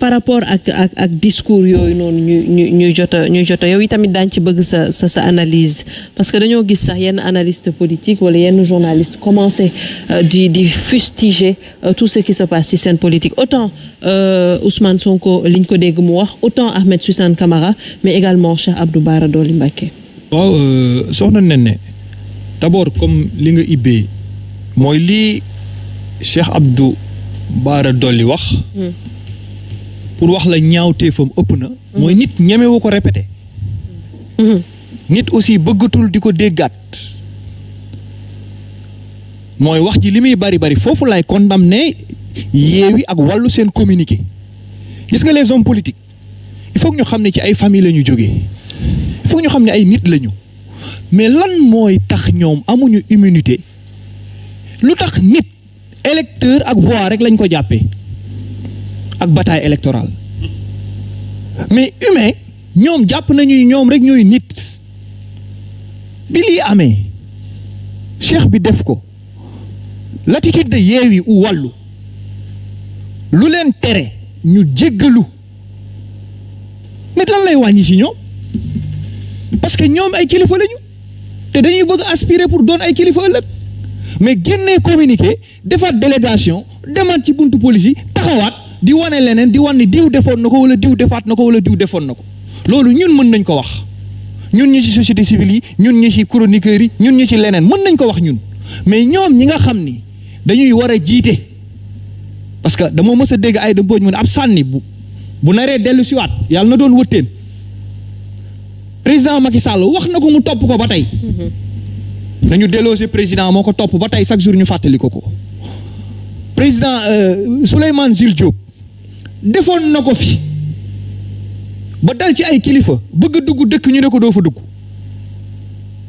par rapport à ce discours yoy non ñu ñu ñuy jot a ñuy yow itamit ci bëgg sa sa analyse parce que des gis sax yenn analyste politique wala yenn journaliste commencer euh, di di fustiger euh, tout ce qui se passe ci en politique autant euh, Ousmane Sonko liñ ko dégg mu wax autant Ahmed Suzanne Camara mais également Cheikh Abdou Bara Dolly Mbacké. waaw soxna d'abord comme li nga ibé moy li Cheikh Abdou Bara wax. Hmm. pour wax la ñaawteefam ëpp na. mooy mhm. nit ñemewu ko répété. Mhm. nit aussi bëggatul di ko déggaat. mooy wax ji li muy bari bari foofu lay condamné yeewi ak wallu seen communiqué gis nga les hommes politiques il faut ñu xam ne ci ay famille la ñu jóge il faut ñu xam ne ay nit lañu mais lan mooy tax ñoom amuñu immunité lu tax nit électeur ak voix rek lañ ko jàppee. ak bataille électorale mais humain ñom japp nañu ñom rek ñoy nit bi li amé cheikh bi def ko l'attitude de yewi ou Wallu lu len téré ñu jéggalu mais lan lay wañi ci ñom parce que ñom ay kilifa lañu té dañuy bëgg aspirer pour donner ay kilifa ëlëk mais génné communiqué défat délégation demaat ci buntu police taxawaat di wane leneen di wan ni diw defoon na ko wala diw defaat na ko wala diw defoon na ko loolu ñun mën nañ ko wax ñun ñu ci société civile yi ñun ñu ci chroniqueurs yi ñun ñu ci leneen mën nañ ko wax ñun mais ñoom ñi nga xam ni dañuy war a jiite parce que dama mës a dégg ay da mbóoj mu ne ab sànni bu bu naree dellu siwaat yàlla na doon wëttéen président Macky Sall wax na ko mu topp ko ba tey mm-hmm. nañu délogé président moo ko topp ba tey chaque jour ñu fàttali ko ko président euh, Souleymane Jules Diop defoon na ko fi ba dal ci ay kilifa bëgg a dëkk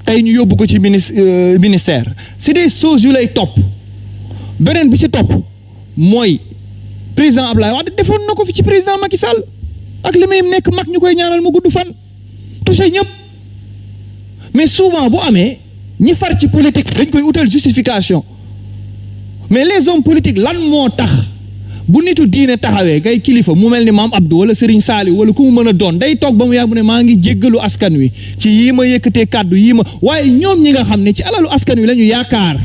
ñu ñu ministère c'est des choses yu lay top. beneen bi ci topp mooy président Abdoulaye Wade defoon na ko fi ci président Macky Sall ak nekk mais souvent bu amee ñi far ci politique dañ koy justification mais les hommes politiques lan bu nitu diine taxawee ngay kilifa mu mel ni maam Abdou wala Serigne saali wala ku mu mën a doon day toog ba mu yàgg ne maa ngi jéggalu askan wi ci yii ma yëkkatee kàddu yii ma waaye ñoom ñi nga xam ne ci alalu askan wi la ñu yaakaar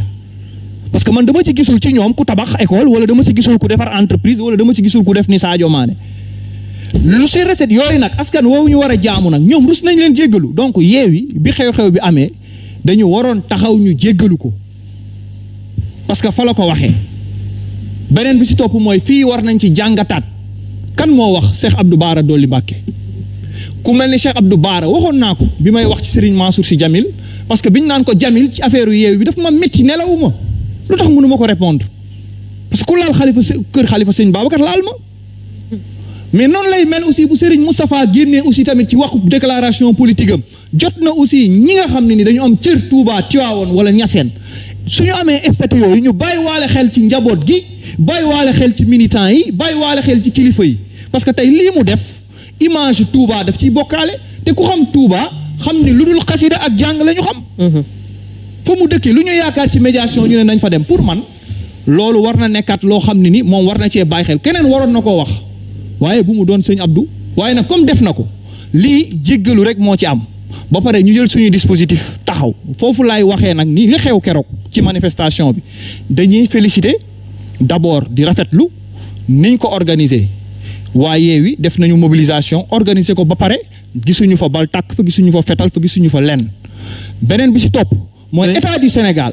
parce que man dama ci gisul ci ñoom ku tabax école wala dama ci gisul ku defar entreprise wala dama ci gisul ku def ni Sadio Mané lu si reset yooyu nag askan woowu ñu war a jaamu nag ñoom rus nañ leen jéggalu donc yeewi bi xew-xew bi amee dañu waroon taxaw ñu jéggalu ko parce que fa la ko waxee. benen bi ci top moy fi war nañ ci jangatat kan mo wax Cheikh Abdou Bara doli Mbàkke ku melni Cheikh Abdou bara waxon nako bi wax ci Serigne Mansour si Jamil parce que biñ nan ko Jamil ci affaire yu bi daf ma metti nelawuma lu tax ko répondre parce que ku laal xalifa kër xalifa sëñ Babacar laal ma mais non lay mel aussi bu Serigne mustapha génnee aussi tamit ci waxu déclaration politique jotna aussi ñi nga xamni ni dañu am cieur Touba wala Ñaseen su ñu amee statut yooyu ñu bàyyi waale xel ci njaboot gi bàyyi xel ci militant yi bàyyiwaale xel ci kilifa yi parce que tey lii mu def image Touba daf ciy bokkaale te ku xam Touba xam ni lu dul xasida ak jàng la ñu xam mm-hmm. fa mu dëkkee lu ñu yaakaar ci médiation ñu ne nañ fa dem pour man loolu war na nekkaat loo xam ne ni moom war na cee bàyyi xel keneen waroon na koo wax waaye bu mu doon sëñ Abdou waaye nag comme def na ko lii jéggalu rek moo ci am ba paré ñu jël dispositif taxaw fofu que ni manifestation bi dañuy féliciter d'abord di rafetlu niñ ko organiser wayé wi def nañu mobilisation organiser ko ba paré gisunu fa bal tak fa fetal fa gisunu fa lenn benen bi ci du Sénégal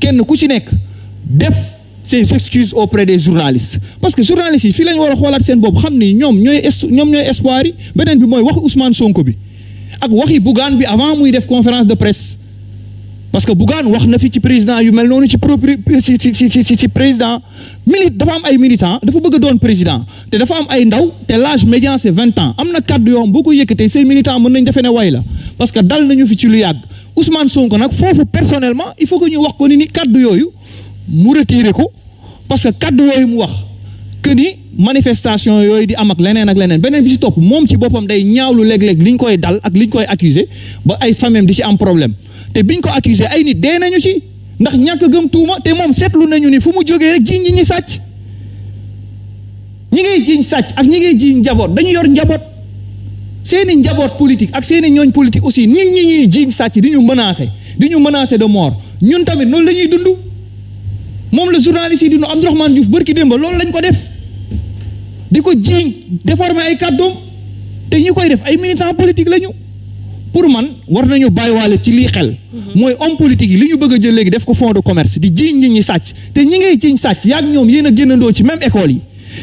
kenn ku ci nekk def ses excuses auprès des journalistes parce que journalistes yi fii la ñu war a xoolaat seen bopp xam ni ñoom ñooy ñoom ñooy espoir yi beneen bi mooy wax Ousmane Sonko bi ak waxi Bougane bi avant muy def conférence de presse parce que Bougane wax na fi ci président yu mel noonu ci propri ci ci ci président milite dafa am ay militant dafa bëgg a doon président te dafa am ay ndaw te l'âge médian c'est vingt ans am na kaddu yoo xam boo ko yëkkatee say militant mën nañ defe way la parce que dal nañu fi ci lu yàgg Ousmane Sonko nak fofu personnellement il faut que ñu wax ko ni ni kaddu yooyu mu retirer ko parce que kaddu yooyu mu wax que ni manifestation yoyu di am ak leneen ak leneen benen bi ci top mom ci boppam day ñaawlu leg leg. liñ koy dal ak liñ koy accuser ba ay famem di ci am problème Té biñ ko accuser ay nit dé nañu ci ndax ñak gëm tuuma té mom setlu nañu ni fu mu jógee rek ñi sacc ñi ngay jiñ sacc ak ñi ngay jiñ njaboot dañu yor njaboot. seeni njaboot politique ak seeni ñooñ politique aussi nii ñii ñuy jiiñ sàcc di ñu menacer di ñu menacer de mort ñun tamit noonu la ñuy dund moom la journaliste yi dinu Abdourahmane Diouf bërki démba loolu lañ ko def di ko jiiñ déformer ay kàddoom te ñi koy def ay militant politique lañu pour man war nañu bàyyiwaale ci lii xel mhm. mooy homme politique yi li ñu bëgg jël léegi def ko fonds de commerce di jiiñ ñi ñi sàcc te ñi ngay jiiñ sàcc yaag ñoom yéen a génnandoo école yi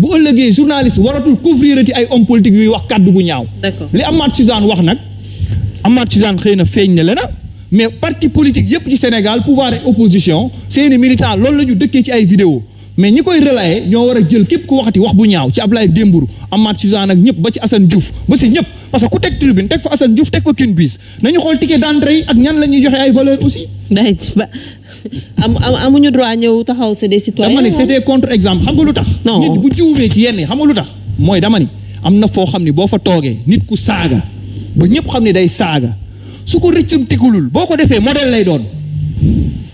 bu ëllëgee journaliste waratul couvrir ci ay homme politique yuy wax kàddu gu ñaaw. li Amath Suzanne wax nag Amath Suzanne xëy na feeñ ne la na mais parti politique yépp ci Sénégal pouvoir et opposition seeni militants loolu la ñu dëkkee ci ay vidéo mais ñi koy relayer ñoo war a jël képp ku waxati wax bu ñaaw ci Ablaye Dembourou Amath Suzanne ak ñëpp ba ci Assane Diouf ba si ñëpp parce que ku teg tribune teg fa Assane Diouf teg fa Queen Biz nañu xool ticket d'entrée ak ñan la ñuy joxe ay valeur aussi. am amuñu droit ñëw taxaw c'est des citoyens. dama ni c'était contre exemple xam nga lu tax. non nit bu juumee ci yenn xam nga lu tax. mooy dama ni am na foo xam ni boo fa toogee nit ku saaga ba ñëpp xam ni day saaga su ko rëccam tikulul boo ko defee modèle lay doon.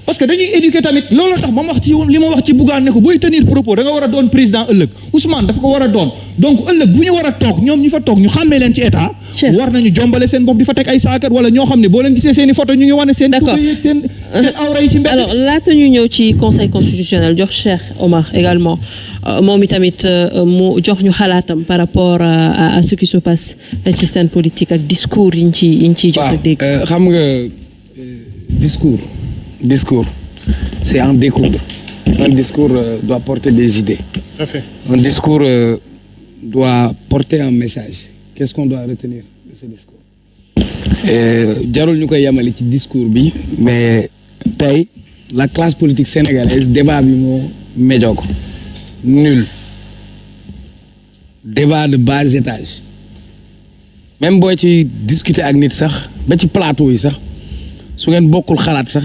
parce que dañuy éduquer tamit looloo tax ba mu wax ci li ma wax ci Bougane ne ko booy tenir propos da nga war a doon président ëllëg Ousmane dafa ko war a doon donc ëllëg bu ñu war a toog ñoom ñu fa toog ñu xàmmee leen ci état. war nañu jombale seen bopp di fa teg ay saakat wala ñoo xam ne boo leen gisee seen i photo ñu ngi wane seen. d'accord seen seen awra yi ci mbedd. alors laata ñu ñëw ci conseil constitutionnel jox Cheikh Omar également euh, moom itamit euh, mu jox ñu xalaatam par rapport euh, à ce qui se passe ci scène politique ak discours yi ñu ciy yi ñu ciy jox dégg. xam nga discours discours, c'est un discours. Un discours euh, doit porter des idées. Un discours euh, doit porter un message. Qu'est-ce qu'on doit retenir de ce discours euh, jarul ñu ce discours mais la classe politique sénégalaise débat médiocre nul débat de bas étage même si tu discutes avec nit sax ba ci plateau yi sax beaucoup de choses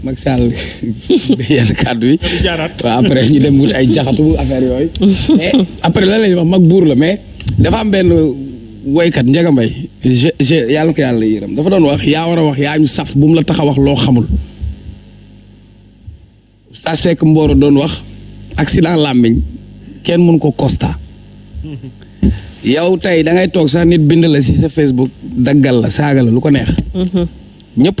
Macky Sall yenn kàddu yi waaw après ñu dem wut ay jaxatu affaire yooyu mais après lan lañuy wax mag buur la mais dafa am benn woykat Ndiaga Mbaye je je yàlla ko yàlla yërëm dafa doon wax yaa war wax yaa saf bu mu la tax a wax loo xamul sa seek mbooro doon wax accident làmmiñ mun ko constat yow tey da ngay toog sax nit bind la sa Facebook daggal la saaga la lu ko neex mhm. ñëpp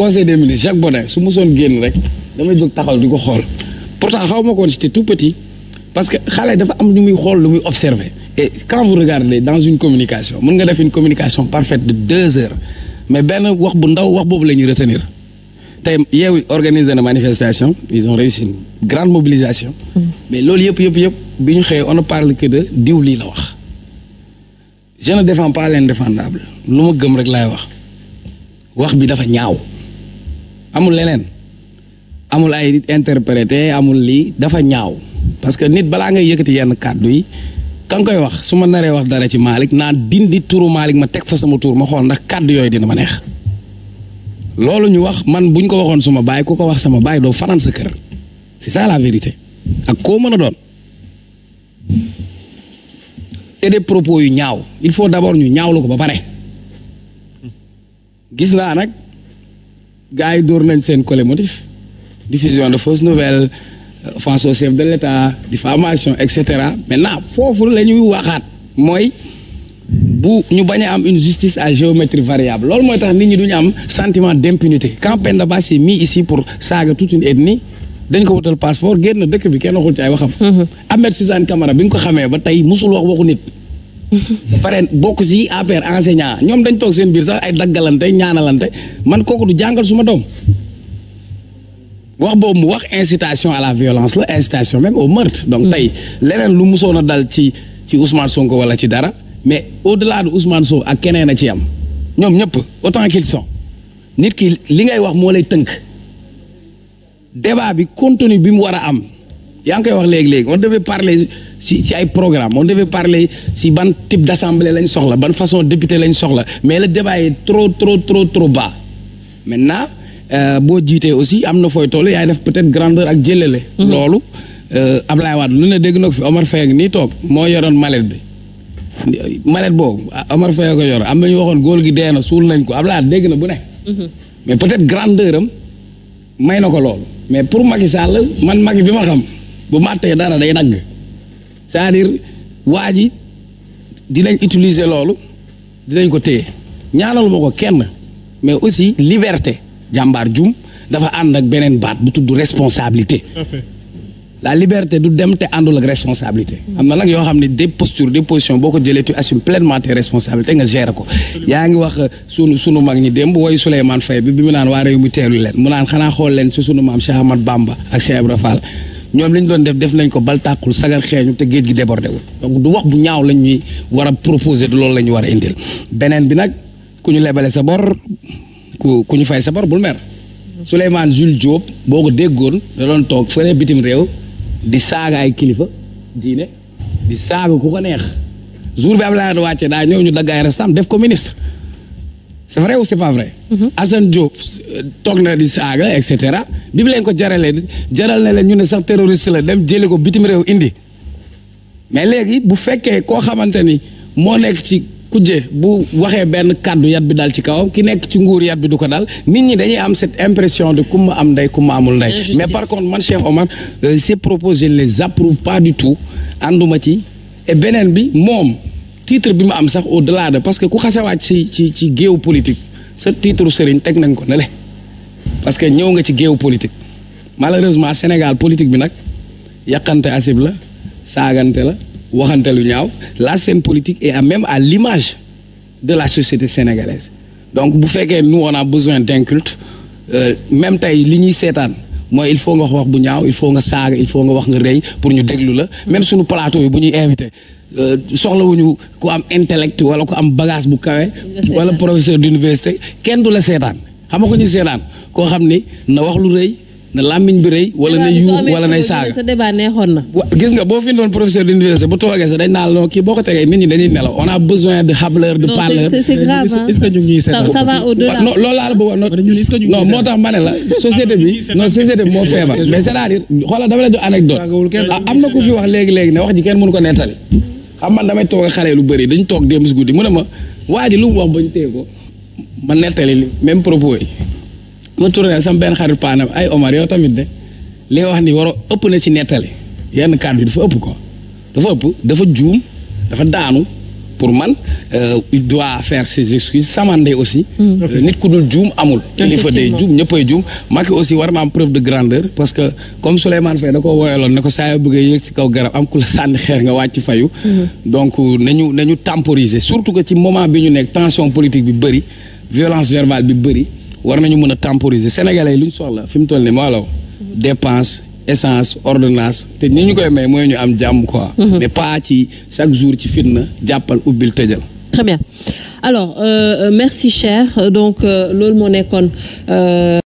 conseil des ministres Jacques Bodin su musoon génn rek damay jóg taxaw di ko pourtant je ma que j'étais tout petit parce que les dafa am lu muy xool lu observer et quand vous regardez dans une communication mën nga def une communication parfaite de deux heures mais ben, wax bu ndaw wax vous retenir Ils ont organisé une manifestation ils ont réussi une grande mobilisation mm. mais ce qui on ne parle que de diw lii la je ne défends pas l'indéfendable lu ma gëm rek laay wax wax bi dafa ñaaw amul leneen amul ay interprété amul lii dafa ñaaw parce que nit balaa ngay yëkkati yenn kàddu yi kan koy wax su ma naree wax dara ci Malick naa dindi turu Malick ma teg fa sama tuur ma xool ndax kàddu yooyu dina ma neex loolu ñu wax man buñ ko waxoon suma baay ku ko wax sama baay doo fanaan sa kër c'est ça la vérité ak koo mën a doon c'est des propos yu ñaaw il faut d'abord ñu ñaawlu ko ba pare gis naa nag gars yi dóor nañ seen collé motif diffusion de fausses nouvelles offense au chef de l'État diffamation etc. cetera maintenant foofu la ñuy waxaat mooy bu ñu bañ am une justice à géométrie variable loolu mooy tax nit ñi duñu am sentiment d'impunité quand Penda Ba s'est mis ici pour saaga toute une ethnie dañ ko wutal passeport génn dëkk bi kenn waxul ci ay waxam. Mhm. Ahmed Suzanne Camara bi nga ko xamee ba tey musul wax waxu nit. ba pare bokk si APR enseignant ñoom dañ toog seen biir sax ay daggalante ñaanalante man kooku du jàngal suma doom wax boobu mu wax incitation à la violence la incitation même au meurtre donc tey leneen lu musoon a dal ci ci Ousmane Sonko wala ci dara mais au-delà de ak keneen a ci am ñoom ñëpp autant qu'ils nit ki li ngay wax moo lay tënk débat bi contenu bi mu war a am yaa ngi koy wax léegi-léegi on devait parler si si un programme on devait parler si ban type d'assemblée lañ soxla ban façon député lañ soxla mais le débat est trop trop trop trop bas maintenant euh, bo aussi am y tolé, def peut-être grandeur ak là mhm. euh, Ablaye lu ne dégg fi Omar malet bi malet ah, Omar ko mais peut-être grandeur mais pour man xam bu c'est-à-dire waa ji dinañ utiliser loolu dinañ ko téye ñaanal ma ko kenn mais aussi liberté jambar jum dafa and ak benen baat bu tuddu responsabilité la liberté du dem té la ak responsabilité amna nak yo xamni xam des postures des positions boo ko tu assumes pleinement tes responsabilités nga gérer ko yaangi wax euh, sunu sunu mag ñi démb woy fay Faye bi bi mu naan waa réew mi teelu mu naan xana xol len sunu Cheikh Ahmad Bamba ak Cheikh ibrahim ñoom li doon def def nañ ko bal tàqul sagar xeeñu te géej gi débordé wul donc du wax bu ñaaw lañ ñuy war proposé du loolu la ñu war a indil beneen bi nag ku ñu lebale sa bor ku ku ñu fay sa bor bul mer Souleymane Jules Diop boo ko déggoon da doon toog fële bitim réew di saaga ay kilifa diine di saaga ku ko neex jour bi Abdoulaye Wade wàcce daa ñëw ñu daggaay restam def ko ministre c'est vrai ou c'est pas vrai. Hassan mm-hmm. Diop toog di saaga et cetera bi mu leen ko jaralé jaral na leen ñu né sax terroriste la dem jëlee ko bitim réew indi mais légui bu féké ko xamante mo nek ci kujé bu waxé benn kàddu yat bi dal ci kawam ki nek ci nguur yat bi du ko dal nit ñi dañuy am cette impression de kuma am nday kuma amul nday mais par contre man Cheikh Omar euh, ces propos je les approuve pas du tout anduma ci et benen bi mom titre bi mu am sax au delà de parce que ku xasawaat ci ci ci géopolitique politique sa titre sëriñ teg nañ ko ne parce que ñëw nga ci géopolitique géopolitique malheureusement Sénégal politique bi nag yàqante asib la saagante la waxante lu ñaaw la scène politique est à même à l'image de la société sénégalaise donc bu que nous on a besoin culte euh, même tey li ñuy seetaan mooy il faut nga wax bu ñaaw il faut nga saaga il faut nga wax nga rëy pour ñu déglu la même suñu plateau yi bu ñuy invité euh, soxlawuñu ku am intellect wala ko am bagage bu kawe wala professeur d'université kenn du la seetaan xam nga ko ñu seetaan koo xam ni na wax lu rëy na làmmiñ bi rëy wala na yuux wala nay saaga sa débat neexoon na gis nga boo fi doon professeur d'université bu toogee sa dañ naan non kii boo ko tegee nit ñi dañuy nelaw on a besoin de hableur de parleur c'est grave est-ce que ñu ngi seetaan ça va au delà non loolu laa bëggoon non moo tax ma ne la société bi non société bi moo feebar mais c'est-à-dire xoolal dama la jox anecdote ah, am na ku fi wax léegi-léegi ne wax ji kenn mënu ko nettali xam man damay toog xale lu bëri dañ toog démb si guddi mu ne ma waa ji lu mu wax bañ téye ko ma nettali même propos yi ma tourné sama ben xarit panam ay Omar yow tamit de li wax ni ëpp na ci yenn ëpp ko dafa ëpp dafa dafa daanu pour man euh, il doit faire ses excuses samandé aussi. Hmm. Euh, nit ku dul amul. aussi war na preuve de grandeur parce que comme da ko ko ci kaw am donc nañu nañu temporiser surtout que ci moment bi ñu tension politique violence verbale bi war nañu temporiser sénégalais yi lu ñu soxla fi toll nii maa la essence ordonnance te ni ñu koy may mooy ñu am jàmm quoi. Mhm. mais pas ci chaque jour ci fitna jàppal ubbil tëjal. très bien alors euh, euh merci cher donc euh, loolu moo nekkoon. Euh...